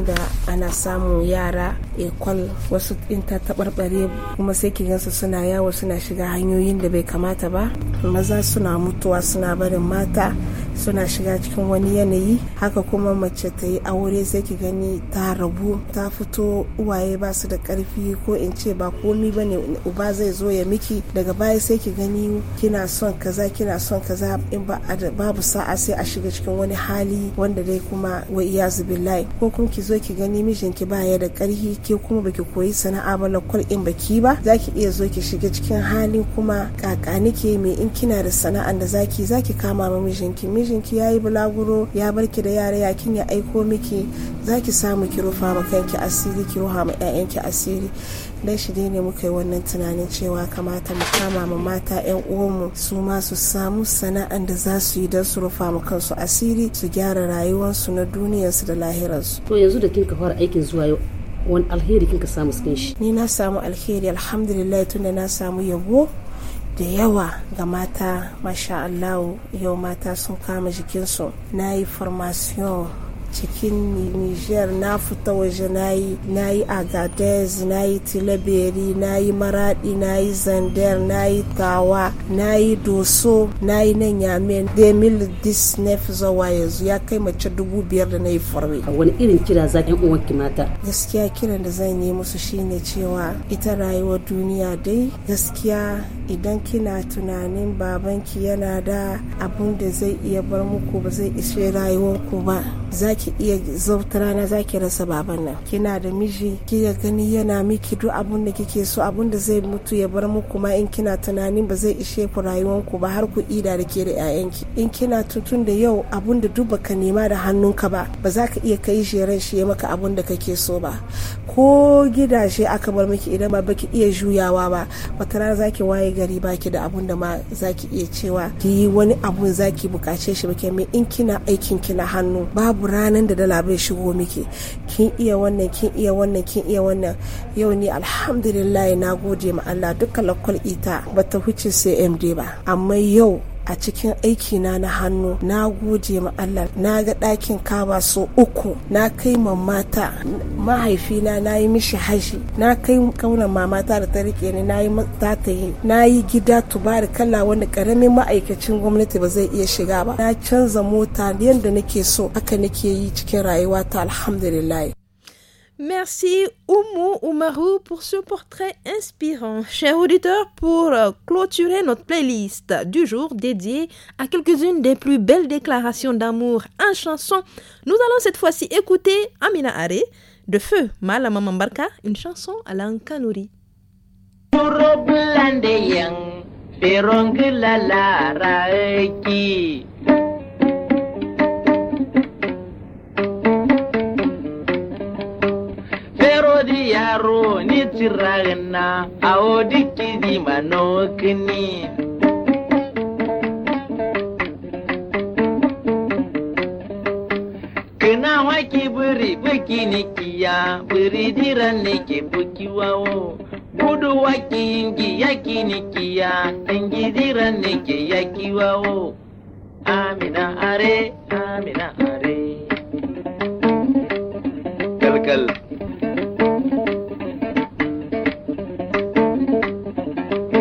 da ana samun yara ekol wasu in ta taɓarɓare kuma sai ki gansu suna yawo suna shiga hanyoyin da bai kamata ba maza suna mutuwa suna barin mata suna shiga cikin wani yanayi haka kuma mace ta yi aure sai ki gani ta rabu ta fito uwaye ba su da karfi ko in ce ba komi ba ne uba zai zo ya miki daga baya sai ki gani kina son kaza kina son kaza in ba babu sa'a sai a shiga cikin wani hali wanda dai kuma wa iya billahi ko kuma ki zo ki gani mijinki ba ya da karhi ke kuma baki koyi sana'a ba lakwal in baki ba zaki iya zo ki shiga cikin hali kuma kaka nike mai in kina da sana'an da zaki zaki kama ma mijinki mijinki yayi bulaguro ya barki da yara ya kin ya aiko miki zaki samu ki rufa ma kanki asiri ki ruha ma 'ya'yanki asiri dan shi ne muka yi wannan tunanin cewa kamata mu kama ma mata yan uwanmu su ma su samu sana'an da za su yi don su rufa mu kansu asiri su gyara rayuwarsu na duniyarsu da lahirarsu to yanzu da kinka fara aikin zuwa yau wani alheri kinka samu su shi ni na samu alheri alhamdulillah tunda na samu yabo da yawa ga mata masha allahu yau mata sun kama jikinsu na yi formation cikin niger na fita waje na yi agadez na yi tilaberi na yi maradi na yi zander na yi tawa na yi doso na yi nan yamen demil disnef zawa yanzu ya kai mace dubu biyar da na yi farwe wani irin kira za yan uwan mata gaskiya kiran da zan yi musu shine cewa ita rayuwar duniya dai gaskiya idan kina tunanin babanki yana da abun da zai iya bar muku ba zai ishe ku ba za ki iya zautar rana za ki rasa baban nan kina da miji ki gani yana miki duk abun da kike so abun da zai mutu ya bar muku ma in kina tunanin ba zai ishe ku rayuwar ku ba har ku ida da ke da 'ya'yanki in kina tutun da yau abun da duk baka nema da hannunka ba ba za ka iya kai shi ran shi ya maka abun da kake so ba ko gidaje aka bar miki idan ba baki iya juyawa ba wata rana zaki waye gari baki da abun da ma zaki iya cewa ki yi wani abun zaki bukace shi ba in kina aikin kina hannu babu babu ranar da dala bai shigo miki kin iya wannan kin iya wannan kin iya wannan yau ni alhamdulillah na gode ma Allah dukkan lakwal ita bata huce sai MD ba amma yau a cikin aikina na hannu na goje ma Allah na ga ɗakin kaba so uku na kai mata mahaifina na yi mishi haji na kai kauna mamata da ta rike ni na yi tataye na yi gida tubari kala wani karamin ma'aikacin gwamnati ba zai iya shiga ba na canza mota yadda nake so haka nake yi cikin rayuwa ta alhamdulillah Merci Oumu Oumaru pour ce portrait inspirant. Chers auditeurs, pour euh, clôturer notre playlist du jour dédiée à quelques-unes des plus belles déclarations d'amour en chanson, nous allons cette fois-ci écouter Amina Are de Feu maman Barka, une chanson à Nkanouri. di yaro ni tiragna a odi kidi manokni kana waki buri buki nikiya buri diran niki buki wa wawo gudu waki ingi yaki nikiya ingi diran niki yaki o. amina are amina are kalkal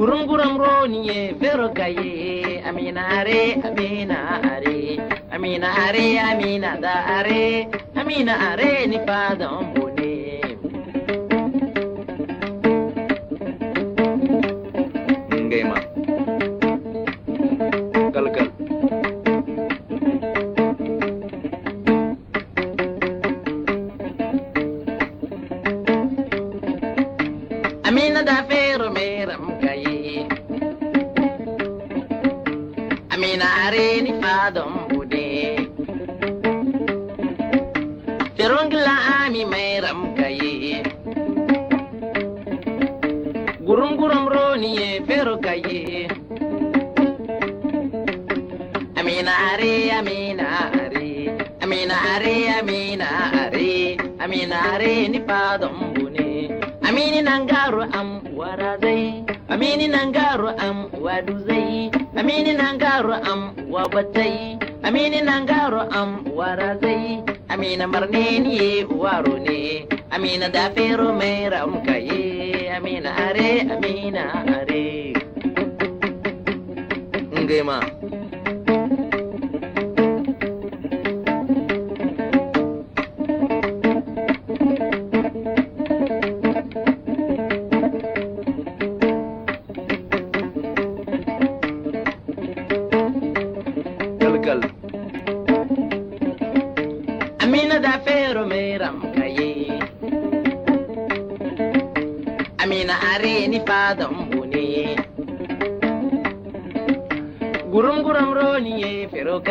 gurunguramro niye bero amina amina amina amina amina aminare aminare aminare ni fadon bune amini nangaru am warazai amini nangaru am waduzai amini nangaru am wabatai amini nangaru am warazai amina marneni waro ne amina dafero mai ramkaye amina are amina are ngema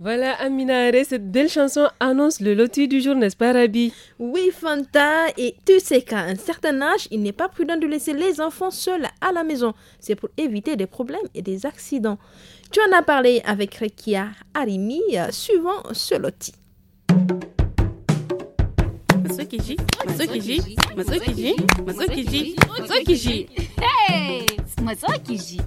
Voilà, Amina Are, cette belle chanson annonce le loti du jour, n'est-ce pas, Rabi Oui, Fanta, et tu sais qu'à un certain âge, il n'est pas prudent de laisser les enfants seuls à la maison. C'est pour éviter des problèmes et des accidents. Tu en as parlé avec Rekia Arimi, euh, suivant ce loti. matsukiji matsukiji matsukiji matsukiji matsukiji matsukiji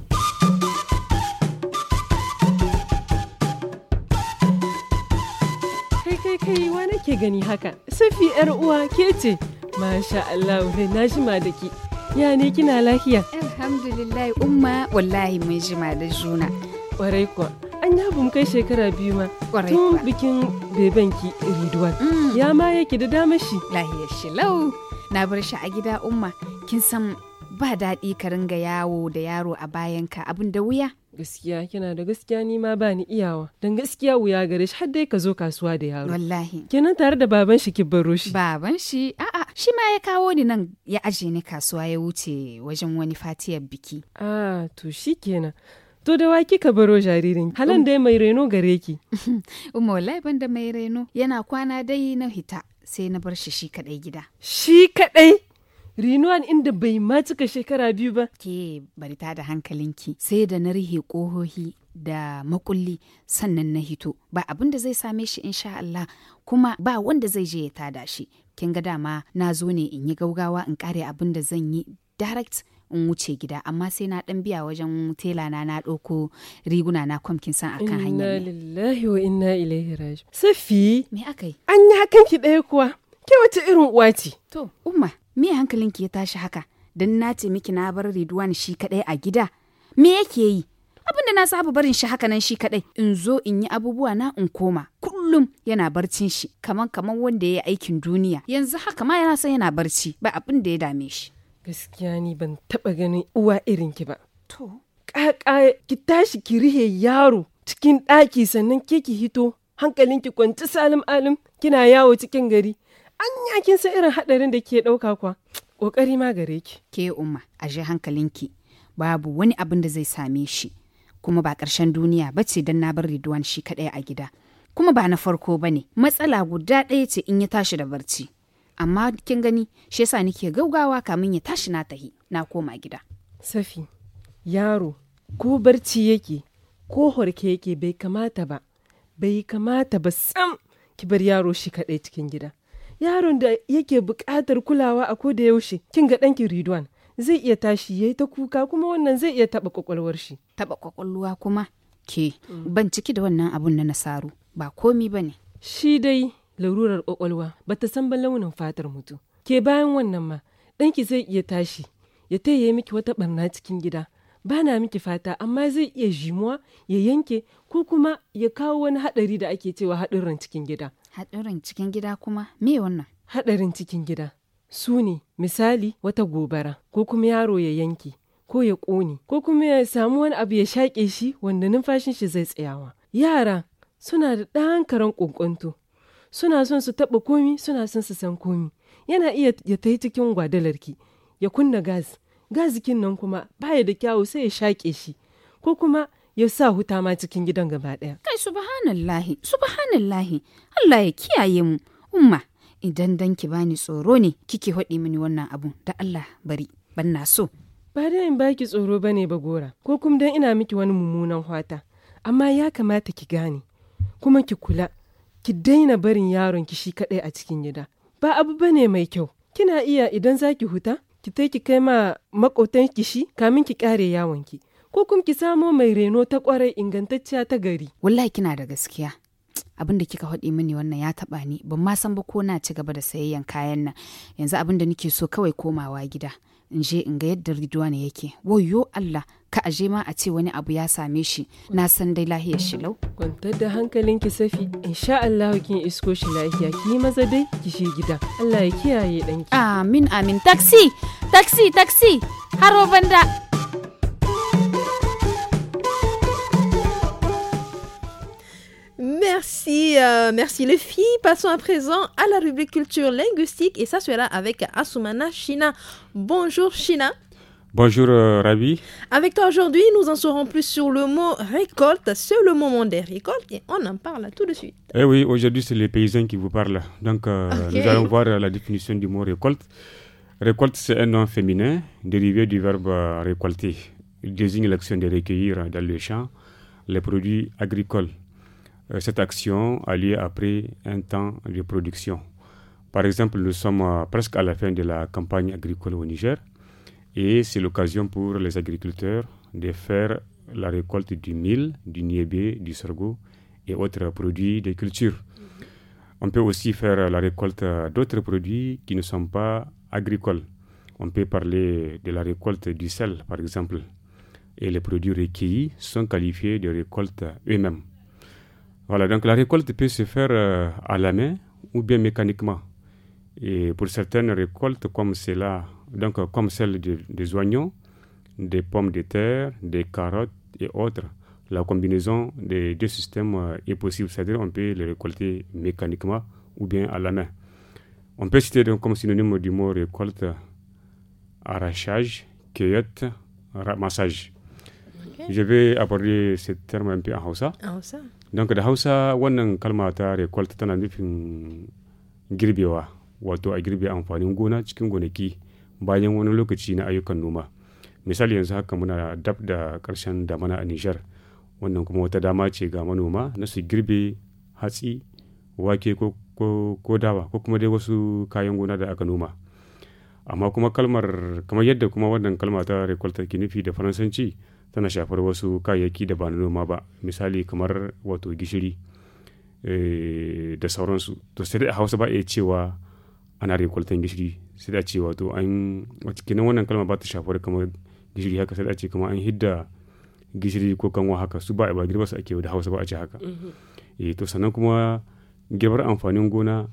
kai kai kai wa nake gani haka safi yar uwa ke ce masha Allah na shima da ki ya ne kina lafiya alhamdulillah umma wallahi mun jima da juna kwarai kuwa an ya mu kai shekara biyu ma tun bikin bebenki ridwan mm. ya ma yake da dama shi lahiyar shi lau na bar shi a gida umma kin san ba daɗi ka ringa yawo da yaro a bayanka abin da wuya gaskiya kina da gaskiya ni ma bani iyawa don gaskiya wuya gare shi har dai ka zo kasuwa da yaro wallahi kenan tare da baban shi ki baro shi baban shi a'a shi ma ya kawo ni nan ya aje ni kasuwa ya wuce wajen wani fatiyar biki a ah, to shikenan To da wa ka baro jaririn? Halan um. dai mai reno gare ki. [LAUGHS] Umma wallahi banda mai reno yana kwana dai na hita sai na bar shi shi kadai gida. Shi kadai? Rinuwan inda bai ma cika shekara biyu ba. Ke bari ta da hankalinki sai da na rihe kohohi da makulli sannan na hito ba abin da zai same shi insha Allah kuma ba wanda zai je ya tada shi. Kin ga dama na zo ne in yi gaugawa in kare abin da zan yi direct in wuce gida amma sai na dan biya wajen tela na na ɗauko riguna na kwamkin san akan hanyar inna lillahi wa inna ilaihi raji safi me akai an yi hakan ki kuwa ke wace irin uwa ce to umma me hankalin ki ya tashi haka dan na ce miki na bar riduwan shi kadai a gida me yake yi abin da na saba barin shi haka nan shi kadai in zo in yi abubuwa na in koma kullum yana barcin shi kaman kaman wanda ya yi aikin duniya yanzu haka ma yana son yana barci ba abin da ya dame shi Gaskiya ni ban taɓa ganin uwa irin ki ba. To. Ƙaƙa ki tashi ki rihe yaro cikin ɗaki sannan ke ki hito hankalin ki kwanci salim alim kina yawo cikin gari. Anya kin san irin haɗarin da ke ɗauka kwa. Ƙoƙari ma gare ki. Ke umma a je hankalinki babu wani abin da zai same shi. Kuma ba ƙarshen duniya ba ce don na bar riduwan shi kaɗai a gida. Kuma ba na farko ba ne matsala guda ɗaya ce in ya tashi da barci. amma kin gani shi yasa nake gaugawa kamin ya tashi na tahi na koma gida safi yaro ko barci yake ko horke yake bai kamata ba bai kamata ba sam ki bar yaro shi kaɗai cikin gida yaron da yake buƙatar kulawa a ko da yaushe kin ga ɗanki ridwan zai iya tashi yayi ta kuka kuma wannan zai iya taɓa kwakwalwar shi taɓa kwakwalwa kuma ke mm. ban ciki da wannan abun na nasaru ba komi ba ne shi dai larurar kwakwalwa ba ta san ba launin fatar mutu. ke bayan wannan ma ɗanki zai iya tashi ya taya miki wata barna cikin gida ba na miki fata amma zai iya jimuwa ya yanke ko kuma ya kawo wani haɗari da ake cewa haɗarin cikin gida haɗarin cikin gida kuma me wannan haɗarin cikin gida su ne misali wata gobara ko kuma yaro ya yanke ko ya ƙone ko kuma ya samu wani abu ya shaƙe shi wanda numfashin shi zai tsayawa yara suna da ɗan karen ƙunƙunto suna son su taɓa komi suna son su san komi yana iya ya ta cikin gwadalarki ya kunna gas gazikin nan kuma baya da kyawu sai ya shaƙe shi ko kuma ya sa huta ma cikin gidan gaba ɗaya. kai subhanallahi subhanallahi allah ya kiyaye mu umma idan danki bani tsoro ne kike haɗi mini wannan abu da allah bari ban na so ba da in baki tsoro bane ba gora ko kuma dan ina miki wani mummunan hwata amma ya kamata ki gane kuma ki kula ki daina barin yaron ki shi kaɗai a cikin gida. Ba abu bane mai kyau. Kina iya idan za ki huta, ki tai ki kai ma makotan ki shi kamin ki ƙare yawon ki. Ko kuma ki samo mai reno ta ƙwarai ingantacciya ta gari. Wallahi kina da gaskiya. abin da kika haɗi mini wannan ya taɓa ni ban ma san ba ko na ci gaba da sayayyan kayan nan yanzu abin da nake so kawai komawa gida in je in ga yadda Ridwan yake wayo Allah ka aje ma a ce wani abu ya same shi na san dai lahiyar shi lau kwantar da hankalinki safi insha Allah kin isko shi lahiya ki maza dai ki shi gida Allah ya kiyaye danki amin amin taxi taxi taxi haro banda Merci, euh, merci les filles. Passons à présent à la rubrique culture linguistique et ça sera avec Asumana China. Bonjour China. Bonjour euh, Ravi. Avec toi aujourd'hui, nous en saurons plus sur le mot récolte. C'est le moment des récoltes et on en parle tout de suite. Eh oui, aujourd'hui c'est les paysans qui vous parlent. Donc euh, nous allons voir la définition du mot récolte. Récolte, c'est un nom féminin dérivé du verbe récolter. Il désigne l'action de recueillir dans le champ les produits agricoles euh, cette action a lieu après un temps de production. Par exemple, nous sommes presque à la fin de la campagne agricole au Niger et c'est l'occasion pour les agriculteurs de faire la récolte du mil, du niébé, du sorgho et autres produits des cultures. On peut aussi faire la récolte d'autres produits qui ne sont pas agricoles. On peut parler de la récolte du sel, par exemple. Et les produits recueillis sont qualifiés de récolte eux-mêmes. Voilà, donc la récolte peut se faire euh, à la main ou bien mécaniquement. Et pour certaines récoltes, comme celle donc euh, comme celle des oignons, des pommes de terre, des carottes et autres, la combinaison des deux systèmes euh, est possible, c'est-à-dire on peut les récolter mécaniquement ou bien à la main. On peut citer donc comme synonyme du mot récolte arrachage, cueillette, ramassage. Je vais aborder ce terme un peu en Hausa. don da hausa wannan kalma ta recolt tana nufin girbewa wato a girbe amfanin gona cikin gonaki bayan wani lokaci na ayyukan noma misali yanzu haka muna dab da karshen damana a nijar wannan kuma wata dama ce ga manoma na su girbe hatsi wake ko, ko, ko dawa ko kuma dai wasu kayan gona da aka noma amma kuma kalmar kamar yadda kuma wannan kalma ta recolt ke nufi da faransanci tana shafar wasu kayayyaki da ba na noma ba misali kamar wato gishiri eh, da sauransu to sai da hausa ba iya cewa ana rekoltan gishiri sai da ce wato an cikin wannan kalma ba ta shafar kamar gishiri haka sai da ce kamar an hidda gishiri ko kanwa haka su ba ba girba su ake da hausa ba a ce haka mm-hmm. eh to sannan kuma girbar amfanin gona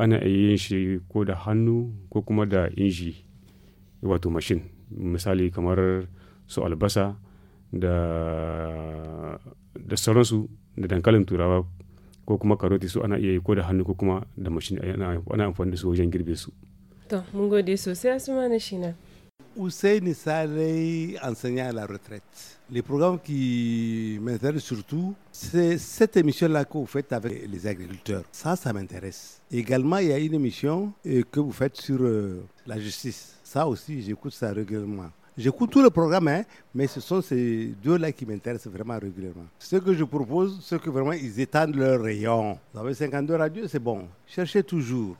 ana yin shi ko da hannu ko kuma da inji wato mashin misali kamar su albasa da da sauransu da dankalin turawa ko kuma karoti su ana iya yi ko da hannu ko kuma da mashin ana amfani da su wajen girbe su to mun gode sosai asuma na shina Hussein Saleh, enseignant à la retraite. Le programme qui m'intéresse surtout, c'est cette émission-là que vous faites avec les agriculteurs. Ça, ça m'intéresse. Également, il y a une émission euh, que vous faites sur euh, la justice. Ça aussi, j'écoute ça régulièrement. J'écoute tout le programme, hein, mais ce sont ces deux-là qui m'intéressent vraiment régulièrement. Ce que je propose, c'est que vraiment ils étendent leur rayon. Vous avez 52 radios, c'est bon. Cherchez toujours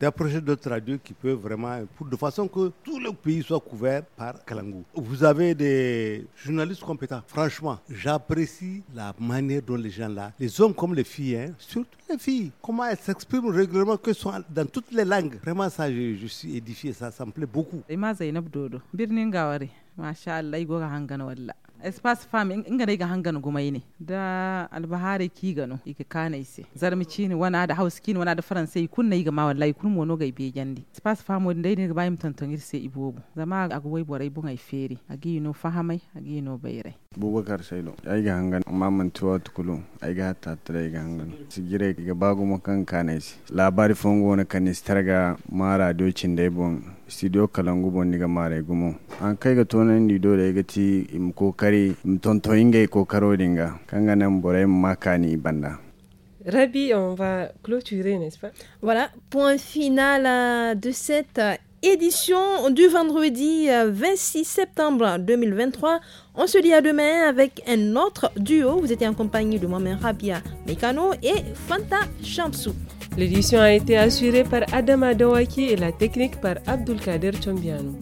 d'approcher d'autres radios qui peuvent vraiment, pour, de façon que tout le pays soit couvert par Kalangou. Vous avez des journalistes compétents. Franchement, j'apprécie la manière dont les gens là, les hommes comme les filles, hein, surtout les filles, comment elles s'expriment régulièrement, que ce soit dans toutes les langues. Vraiment, ça, je, je suis édifié, ça, ça me plaît beaucoup. hanga masha Allah igo ga hangana walla espace femme inga dai ga hangana gumai ne da albahari ki gano ike kana ise zarmici ne wana da hauski ne wana da faransai kunna ga ma wallahi kun mono ga ibe gandi farm femme dai ne ga bayim tantan irse ibobo zama ga goyi borai bun ai feri agi no fahamai agi no bayrai bubakar sailo ai ga amma mamman tuwa tukulu ai ga ta tare ga hangan sigire ga bagu makan kana ise labari fongo na kanistar ga mara docin dai bon studio Rabi, on va clôturer, n'est-ce pas Voilà, point final euh, de cette euh, édition du vendredi 26 euh, septembre 2023. On se dit à demain avec un autre duo. Vous étiez en compagnie de moi Rabia Mekano et Fanta Chamsou. L'édition a été assurée par Adama Dawaki et la technique par Abdulkader Chambiano.